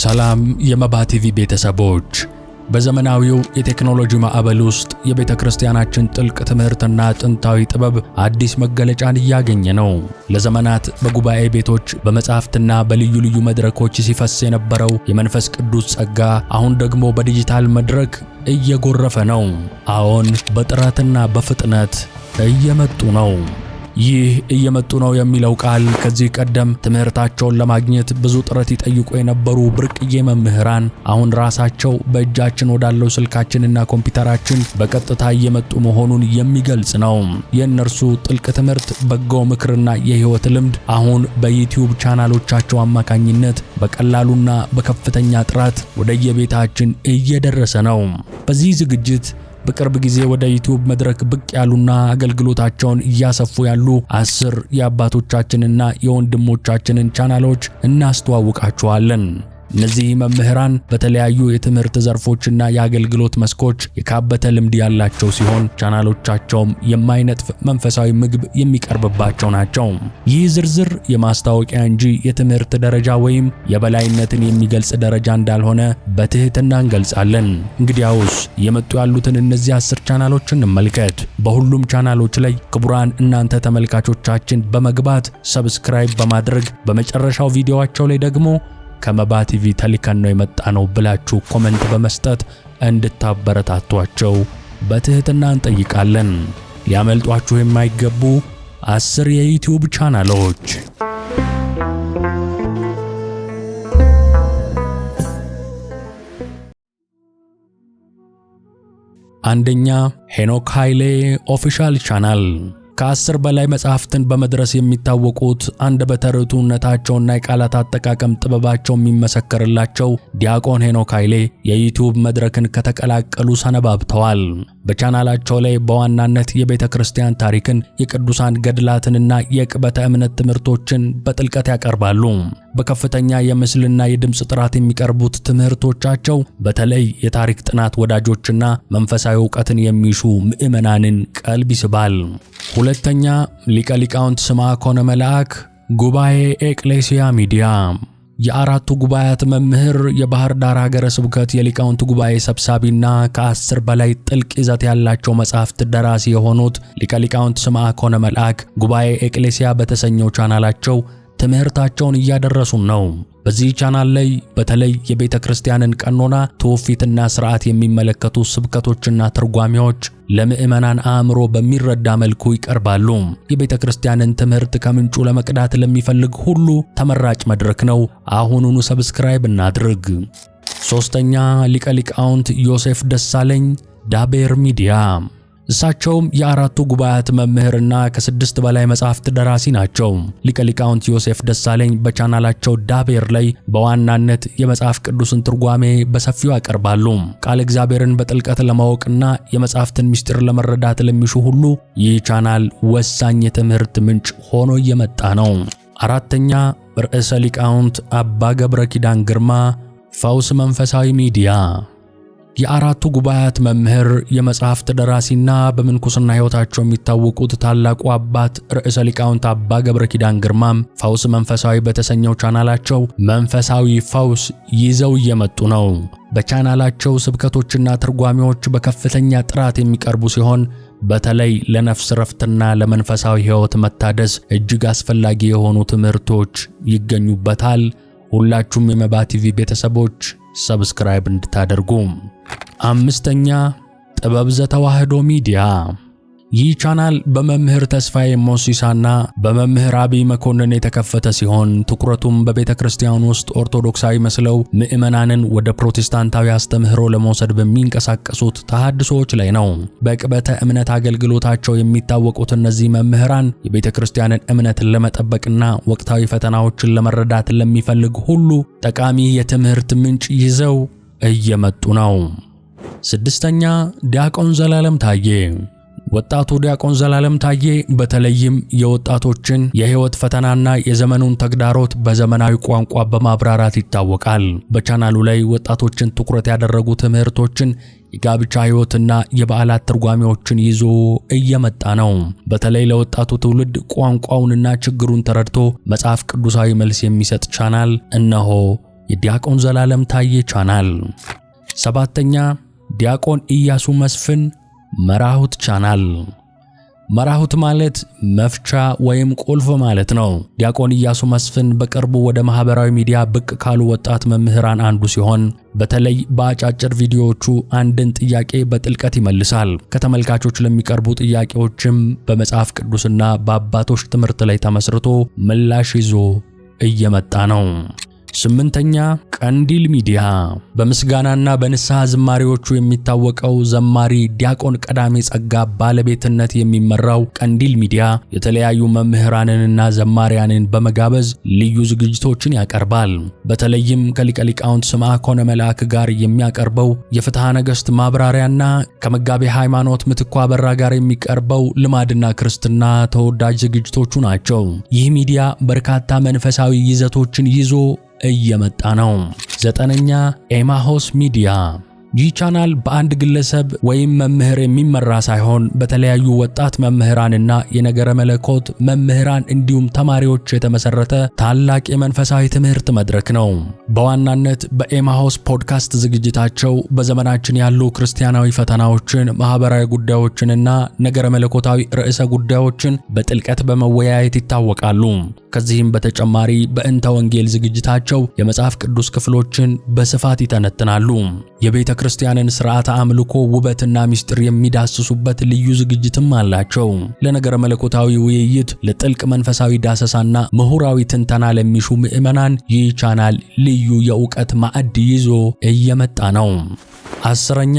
ሰላም የመባ ቲቪ ቤተሰቦች፣ በዘመናዊው የቴክኖሎጂ ማዕበል ውስጥ የቤተ ክርስቲያናችን ጥልቅ ትምህርትና ጥንታዊ ጥበብ አዲስ መገለጫን እያገኘ ነው። ለዘመናት በጉባኤ ቤቶች በመጻሕፍትና በልዩ ልዩ መድረኮች ሲፈስ የነበረው የመንፈስ ቅዱስ ጸጋ አሁን ደግሞ በዲጂታል መድረክ እየጎረፈ ነው። አዎን፣ በጥረትና በፍጥነት እየመጡ ነው። ይህ እየመጡ ነው የሚለው ቃል ከዚህ ቀደም ትምህርታቸውን ለማግኘት ብዙ ጥረት ይጠይቁ የነበሩ ብርቅዬ መምህራን አሁን ራሳቸው በእጃችን ወዳለው ስልካችንና ኮምፒውተራችን በቀጥታ እየመጡ መሆኑን የሚገልጽ ነው። የእነርሱ ጥልቅ ትምህርት፣ በጎ ምክርና የህይወት ልምድ አሁን በዩቲዩብ ቻናሎቻቸው አማካኝነት በቀላሉና በከፍተኛ ጥራት ወደየቤታችን እየደረሰ ነው። በዚህ ዝግጅት በቅርብ ጊዜ ወደ ዩቲዩብ መድረክ ብቅ ያሉና አገልግሎታቸውን እያሰፉ ያሉ አስር የአባቶቻችንና የወንድሞቻችንን ቻናሎች እናስተዋውቃችኋለን። እነዚህ መምህራን በተለያዩ የትምህርት ዘርፎችና የአገልግሎት መስኮች የካበተ ልምድ ያላቸው ሲሆን ቻናሎቻቸውም የማይነጥፍ መንፈሳዊ ምግብ የሚቀርብባቸው ናቸው። ይህ ዝርዝር የማስታወቂያ እንጂ የትምህርት ደረጃ ወይም የበላይነትን የሚገልጽ ደረጃ እንዳልሆነ በትህትና እንገልጻለን። እንግዲያውስ የመጡ ያሉትን እነዚህ አስር ቻናሎች እንመልከት። በሁሉም ቻናሎች ላይ ክቡራን እናንተ ተመልካቾቻችን በመግባት ሰብስክራይብ በማድረግ በመጨረሻው ቪዲዮዋቸው ላይ ደግሞ ከመባ ቲቪ ተልከን ነው የመጣ ነው ብላችሁ ኮመንት በመስጠት እንድታበረታቷቸው በትህትና እንጠይቃለን። ሊያመልጧችሁ የማይገቡ አስር የዩቲዩብ ቻናሎች አንደኛ ሄኖክ ኃይሌ ኦፊሻል ቻናል ከአስር በላይ መጽሐፍትን በመድረስ የሚታወቁት አንደበተ ርቱዕነታቸውና የቃላት አጠቃቀም ጥበባቸው የሚመሰከርላቸው ዲያቆን ሄኖክ ኃይሌ የዩቲዩብ መድረክን ከተቀላቀሉ ሰነባብተዋል። በቻናላቸው ላይ በዋናነት የቤተ ክርስቲያን ታሪክን፣ የቅዱሳን ገድላትንና የቅበተ እምነት ትምህርቶችን በጥልቀት ያቀርባሉ። በከፍተኛ የምስልና የድምፅ ጥራት የሚቀርቡት ትምህርቶቻቸው በተለይ የታሪክ ጥናት ወዳጆችና መንፈሳዊ እውቀትን የሚሹ ምዕመናንን ቀልብ ይስባል። ሁለተኛ ሊቀ ሊቃውንት ስምዐኮነ መልአክ ጉባኤ ኤክሌሲያ ሚዲያ የአራቱ ጉባኤያት መምህር የባህር ዳር ሀገረ ስብከት የሊቃውንት ጉባኤ ሰብሳቢና ከአስር በላይ ጥልቅ ይዘት ያላቸው መጻሕፍት ደራሲ የሆኑት ሊቀ ሊቃውንት ስምዐ ኮነ መልአክ ጉባኤ ኤቅሌሲያ በተሰኘው ቻናላቸው ትምህርታቸውን እያደረሱን ነው። በዚህ ቻናል ላይ በተለይ የቤተ ክርስቲያንን ቀኖና ትውፊትና ስርዓት የሚመለከቱ ስብከቶችና ትርጓሜዎች ለምዕመናን አእምሮ በሚረዳ መልኩ ይቀርባሉ። የቤተ ክርስቲያንን ትምህርት ከምንጩ ለመቅዳት ለሚፈልግ ሁሉ ተመራጭ መድረክ ነው። አሁኑኑ ሰብስክራይብ እናድርግ። ሶስተኛ ሊቀ ሊቃውንት ዮሴፍ ደሳለኝ ዳቤር ሚዲያ እሳቸውም የአራቱ ጉባኤያት መምህርና ከስድስት በላይ መጻሕፍት ደራሲ ናቸው። ሊቀ ሊቃውንት ዮሴፍ ደሳለኝ በቻናላቸው ዳቤር ላይ በዋናነት የመጽሐፍ ቅዱስን ትርጓሜ በሰፊው ያቀርባሉ። ቃል እግዚአብሔርን በጥልቀት ለማወቅና የመጻሕፍትን ምስጢር ለመረዳት ለሚሹ ሁሉ ይህ ቻናል ወሳኝ የትምህርት ምንጭ ሆኖ እየመጣ ነው። አራተኛ ርዕሰ ሊቃውንት አባ ገብረ ኪዳን ግርማ ፈውስ መንፈሳዊ ሚዲያ የአራቱ ጉባኤያት መምህር የመጽሐፍት ደራሲና በምንኩስና ሕይወታቸው የሚታወቁት ታላቁ አባት ርዕሰ ሊቃውንት አባ ገብረ ኪዳን ግርማም ፈውስ መንፈሳዊ በተሰኘው ቻናላቸው መንፈሳዊ ፈውስ ይዘው እየመጡ ነው። በቻናላቸው ስብከቶችና ትርጓሜዎች በከፍተኛ ጥራት የሚቀርቡ ሲሆን በተለይ ለነፍስ ረፍትና ለመንፈሳዊ ሕይወት መታደስ እጅግ አስፈላጊ የሆኑ ትምህርቶች ይገኙበታል። ሁላችሁም የመባ ቲቪ ቤተሰቦች ሰብስክራይብ እንድታደርጉ። አምስተኛ ጥበብ ዘተዋህዶ ሚዲያ ይህ ቻናል በመምህር ተስፋዬ ሞሲሳና በመምህር አብይ መኮንን የተከፈተ ሲሆን ትኩረቱም በቤተ ክርስቲያን ውስጥ ኦርቶዶክሳዊ መስለው ምዕመናንን ወደ ፕሮቴስታንታዊ አስተምህሮ ለመውሰድ በሚንቀሳቀሱት ተሐድሶዎች ላይ ነው። በቅበተ እምነት አገልግሎታቸው የሚታወቁት እነዚህ መምህራን የቤተ ክርስቲያንን እምነትን ለመጠበቅና ወቅታዊ ፈተናዎችን ለመረዳት ለሚፈልግ ሁሉ ጠቃሚ የትምህርት ምንጭ ይዘው እየመጡ ነው። ስድስተኛ ዲያቆን ዘላለም ታዬ ወጣቱ ዲያቆን ዘላለም ታዬ በተለይም የወጣቶችን የህይወት ፈተናና የዘመኑን ተግዳሮት በዘመናዊ ቋንቋ በማብራራት ይታወቃል። በቻናሉ ላይ ወጣቶችን ትኩረት ያደረጉ ትምህርቶችን የጋብቻ ህይወትና የበዓላት ትርጓሜዎችን ይዞ እየመጣ ነው። በተለይ ለወጣቱ ትውልድ ቋንቋውንና ችግሩን ተረድቶ መጽሐፍ ቅዱሳዊ መልስ የሚሰጥ ቻናል እነሆ የዲያቆን ዘላለም ታዬ ቻናል። ሰባተኛ ዲያቆን ኢያሱ መስፍን መራሁት ቻናል። መራሁት ማለት መፍቻ ወይም ቁልፍ ማለት ነው። ዲያቆን ኢያሱ መስፍን በቅርቡ ወደ ማህበራዊ ሚዲያ ብቅ ካሉ ወጣት መምህራን አንዱ ሲሆን በተለይ በአጫጭር ቪዲዮዎቹ አንድን ጥያቄ በጥልቀት ይመልሳል። ከተመልካቾች ለሚቀርቡ ጥያቄዎችም በመጽሐፍ ቅዱስና በአባቶች ትምህርት ላይ ተመስርቶ ምላሽ ይዞ እየመጣ ነው። ስምንተኛ ቀንዲል ሚዲያ በምስጋናና በንስሐ ዝማሬዎቹ የሚታወቀው ዘማሪ ዲያቆን ቀዳሜ ጸጋ ባለቤትነት የሚመራው ቀንዲል ሚዲያ የተለያዩ መምህራንንና ዘማሪያንን በመጋበዝ ልዩ ዝግጅቶችን ያቀርባል። በተለይም ከሊቀ ሊቃውንት ስምዐ ኮነ መልአክ ጋር የሚያቀርበው የፍትሐ ነገሥት ማብራሪያና ከመጋቤ ሃይማኖት ምትኳ በራ ጋር የሚቀርበው ልማድና ክርስትና ተወዳጅ ዝግጅቶቹ ናቸው። ይህ ሚዲያ በርካታ መንፈሳዊ ይዘቶችን ይዞ እየመጣ ነው። ዘጠነኛ ኤማሆስ ሚዲያ ይህ ቻናል በአንድ ግለሰብ ወይም መምህር የሚመራ ሳይሆን በተለያዩ ወጣት መምህራንና የነገረ መለኮት መምህራን እንዲሁም ተማሪዎች የተመሰረተ ታላቅ የመንፈሳዊ ትምህርት መድረክ ነው። በዋናነት በኤማሆስ ፖድካስት ዝግጅታቸው በዘመናችን ያሉ ክርስቲያናዊ ፈተናዎችን፣ ማህበራዊ ጉዳዮችንና ነገረ መለኮታዊ ርዕሰ ጉዳዮችን በጥልቀት በመወያየት ይታወቃሉ። ከዚህም በተጨማሪ በእንተ ወንጌል ዝግጅታቸው የመጽሐፍ ቅዱስ ክፍሎችን በስፋት ይተነትናሉ። የቤተ ክርስቲያንን ሥርዓተ አምልኮ ውበትና ምስጢር የሚዳስሱበት ልዩ ዝግጅትም አላቸው። ለነገረ መለኮታዊ ውይይት፣ ለጥልቅ መንፈሳዊ ዳሰሳና ምሁራዊ ትንተና ለሚሹ ምዕመናን ይህ ቻናል ልዩ የእውቀት ማዕድ ይዞ እየመጣ ነው። አስረኛ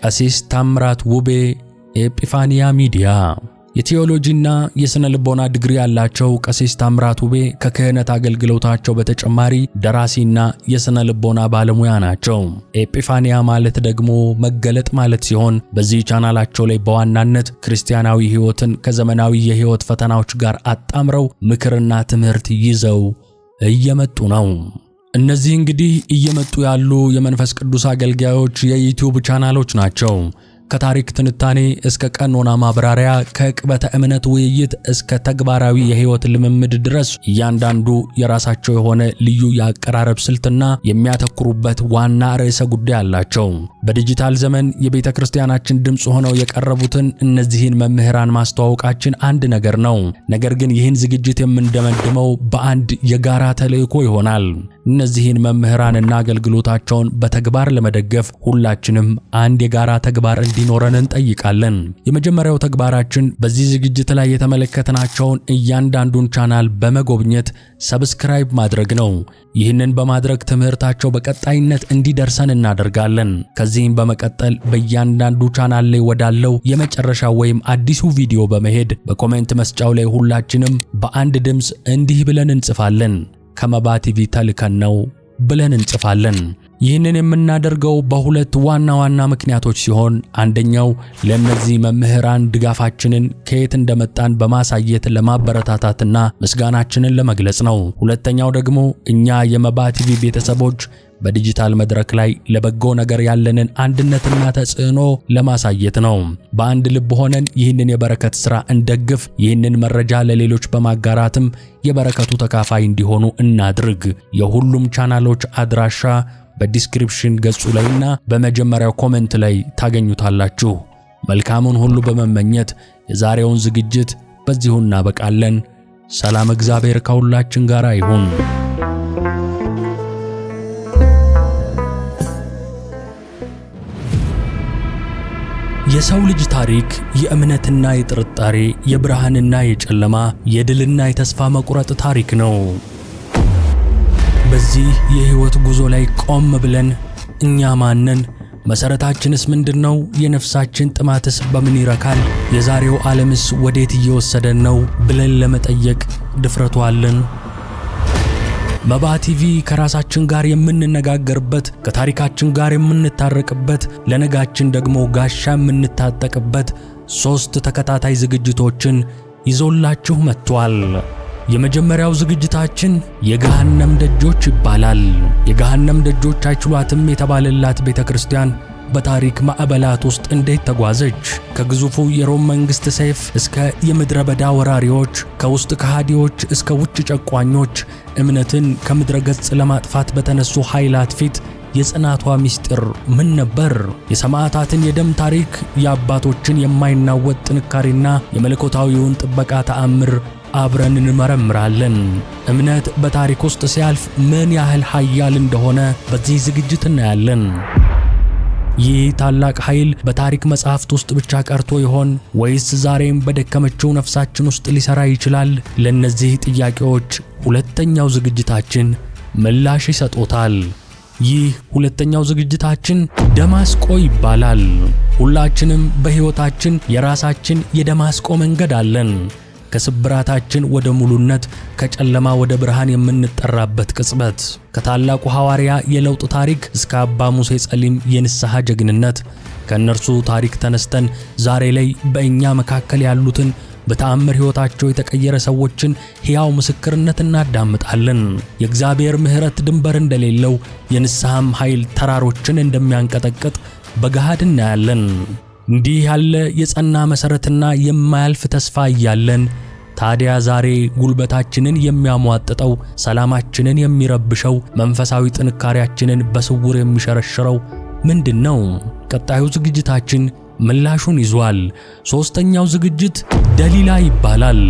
ቀሲስ ታምራት ውቤ ኤጲፋንያ ሚዲያ የቴዎሎጂና የሥነ ልቦና ዲግሪ ያላቸው ቀሲስ ታምራት ውቤ ከክህነት አገልግሎታቸው በተጨማሪ ደራሲና የሥነ ልቦና ባለሙያ ናቸው። ኤጲፋንያ ማለት ደግሞ መገለጥ ማለት ሲሆን በዚህ ቻናላቸው ላይ በዋናነት ክርስቲያናዊ ሕይወትን ከዘመናዊ የሕይወት ፈተናዎች ጋር አጣምረው ምክርና ትምህርት ይዘው እየመጡ ነው። እነዚህ እንግዲህ እየመጡ ያሉ የመንፈስ ቅዱስ አገልጋዮች የዩቲዩብ ቻናሎች ናቸው። ከታሪክ ትንታኔ እስከ ቀኖና ማብራሪያ፣ ከዕቅበተ እምነት ውይይት እስከ ተግባራዊ የህይወት ልምምድ ድረስ እያንዳንዱ የራሳቸው የሆነ ልዩ የአቀራረብ ስልትና የሚያተኩሩበት ዋና ርዕሰ ጉዳይ አላቸው። በዲጂታል ዘመን የቤተ ክርስቲያናችን ድምፅ ሆነው የቀረቡትን እነዚህን መምህራን ማስተዋወቃችን አንድ ነገር ነው። ነገር ግን ይህን ዝግጅት የምንደመድመው በአንድ የጋራ ተልእኮ ይሆናል። እነዚህን መምህራንና አገልግሎታቸውን በተግባር ለመደገፍ ሁላችንም አንድ የጋራ ተግባር እንዲኖረን እንጠይቃለን። የመጀመሪያው ተግባራችን በዚህ ዝግጅት ላይ የተመለከትናቸውን እያንዳንዱን ቻናል በመጎብኘት ሰብስክራይብ ማድረግ ነው። ይህንን በማድረግ ትምህርታቸው በቀጣይነት እንዲደርሰን እናደርጋለን። ከዚህም በመቀጠል በእያንዳንዱ ቻናል ላይ ወዳለው የመጨረሻ ወይም አዲሱ ቪዲዮ በመሄድ በኮሜንት መስጫው ላይ ሁላችንም በአንድ ድምፅ እንዲህ ብለን እንጽፋለን ከመባ ቲቪ ተልከን ነው ብለን እንጽፋለን። ይህንን የምናደርገው በሁለት ዋና ዋና ምክንያቶች ሲሆን አንደኛው ለእነዚህ መምህራን ድጋፋችንን ከየት እንደመጣን በማሳየት ለማበረታታትና ምስጋናችንን ለመግለጽ ነው። ሁለተኛው ደግሞ እኛ የመባ ቲቪ ቤተሰቦች በዲጂታል መድረክ ላይ ለበጎ ነገር ያለንን አንድነትና ተጽዕኖ ለማሳየት ነው። በአንድ ልብ ሆነን ይህንን የበረከት ሥራ እንደግፍ። ይህንን መረጃ ለሌሎች በማጋራትም የበረከቱ ተካፋይ እንዲሆኑ እናድርግ። የሁሉም ቻናሎች አድራሻ በዲስክሪፕሽን ገጹ ላይና በመጀመሪያው ኮሜንት ላይ ታገኙታላችሁ። መልካሙን ሁሉ በመመኘት የዛሬውን ዝግጅት በዚሁ እናበቃለን። ሰላም፣ እግዚአብሔር ከሁላችን ጋር ይሁን። የሰው ልጅ ታሪክ የእምነትና የጥርጣሬ፣ የብርሃንና የጨለማ፣ የድልና የተስፋ መቁረጥ ታሪክ ነው። በዚህ የህይወት ጉዞ ላይ ቆም ብለን እኛ ማነን? መሰረታችንስ ምንድን ነው? የነፍሳችን ጥማትስ በምን ይረካል? የዛሬው ዓለምስ ወዴት እየወሰደን ነው? ብለን ለመጠየቅ ድፍረቱ አለን? መባ ቲቪ ከራሳችን ጋር የምንነጋገርበት፣ ከታሪካችን ጋር የምንታረቅበት፣ ለነጋችን ደግሞ ጋሻ የምንታጠቅበት ሦስት ተከታታይ ዝግጅቶችን ይዞላችሁ መጥቷል። የመጀመሪያው ዝግጅታችን የገሃነም ደጆች ይባላል። የገሃነም ደጆች አይችሏትም የተባለላት ቤተ ክርስቲያን በታሪክ ማዕበላት ውስጥ እንዴት ተጓዘች? ከግዙፉ የሮም መንግሥት ሰይፍ እስከ የምድረ በዳ ወራሪዎች፣ ከውስጥ ከሃዲዎች እስከ ውጭ ጨቋኞች፣ እምነትን ከምድረ ገጽ ለማጥፋት በተነሱ ኃይላት ፊት የጽናቷ ምስጢር ምን ነበር? የሰማዕታትን የደም ታሪክ፣ የአባቶችን የማይናወጥ ጥንካሬና የመለኮታዊውን ጥበቃ ተአምር አብረን እንመረምራለን። እምነት በታሪክ ውስጥ ሲያልፍ ምን ያህል ኃያል እንደሆነ በዚህ ዝግጅት እናያለን። ይህ ታላቅ ኃይል በታሪክ መጻሕፍት ውስጥ ብቻ ቀርቶ ይሆን ወይስ ዛሬም በደከመችው ነፍሳችን ውስጥ ሊሰራ ይችላል? ለእነዚህ ጥያቄዎች ሁለተኛው ዝግጅታችን ምላሽ ይሰጦታል። ይህ ሁለተኛው ዝግጅታችን ደማስቆ ይባላል። ሁላችንም በሕይወታችን የራሳችን የደማስቆ መንገድ አለን። ከስብራታችን ወደ ሙሉነት፣ ከጨለማ ወደ ብርሃን የምንጠራበት ቅጽበት። ከታላቁ ሐዋርያ የለውጥ ታሪክ እስከ አባ ሙሴ ጸሊም የንስሐ ጀግንነት፣ ከእነርሱ ታሪክ ተነስተን ዛሬ ላይ በእኛ መካከል ያሉትን በተአምር ሕይወታቸው የተቀየረ ሰዎችን ሕያው ምስክርነት እናዳምጣለን። የእግዚአብሔር ምሕረት ድንበር እንደሌለው፣ የንስሐም ኃይል ተራሮችን እንደሚያንቀጠቅጥ በገሃድ እናያለን። እንዲህ ያለ የጸና መሠረትና የማያልፍ ተስፋ እያለን ታዲያ ዛሬ ጉልበታችንን የሚያሟጥጠው፣ ሰላማችንን የሚረብሸው፣ መንፈሳዊ ጥንካሬያችንን በስውር የሚሸረሽረው ምንድን ነው? ቀጣዩ ዝግጅታችን ምላሹን ይዟል። ሦስተኛው ዝግጅት ደሊላ ይባላል።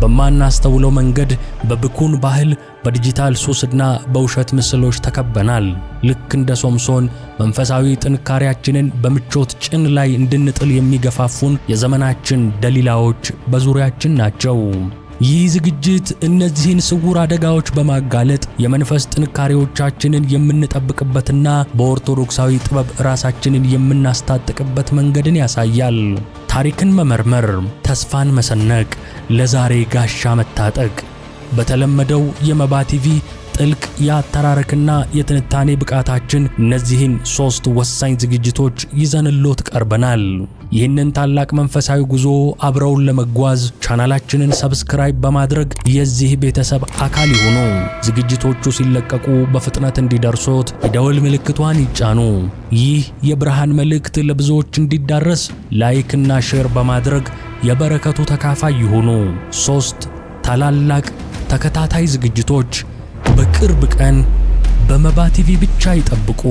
በማናስተውለው መንገድ በብኩን ባህል፣ በዲጂታል ሱስና በውሸት ምስሎች ተከበናል። ልክ እንደ ሶምሶን መንፈሳዊ ጥንካሬያችንን በምቾት ጭን ላይ እንድንጥል የሚገፋፉን የዘመናችን ደሊላዎች በዙሪያችን ናቸው። ይህ ዝግጅት እነዚህን ስውር አደጋዎች በማጋለጥ የመንፈስ ጥንካሬዎቻችንን የምንጠብቅበትና በኦርቶዶክሳዊ ጥበብ ራሳችንን የምናስታጥቅበት መንገድን ያሳያል። ታሪክን መመርመር፣ ተስፋን መሰነቅ፣ ለዛሬ ጋሻ መታጠቅ። በተለመደው የመባ ቲቪ ጥልቅ የአተራረክና የትንታኔ ብቃታችን እነዚህን ሦስት ወሳኝ ዝግጅቶች ይዘንሎት ቀርበናል። ይህንን ታላቅ መንፈሳዊ ጉዞ አብረውን ለመጓዝ ቻናላችንን ሰብስክራይብ በማድረግ የዚህ ቤተሰብ አካል ይሁኑ። ዝግጅቶቹ ሲለቀቁ በፍጥነት እንዲደርሶት የደወል ምልክቷን ይጫኑ። ይህ የብርሃን መልእክት ለብዙዎች እንዲዳረስ እና ሼር በማድረግ የበረከቱ ተካፋይ ይሁኑ። ሶስት ታላላቅ ተከታታይ ዝግጅቶች በቅርብ ቀን በመባ ቲቪ ብቻ ይጠብቁ።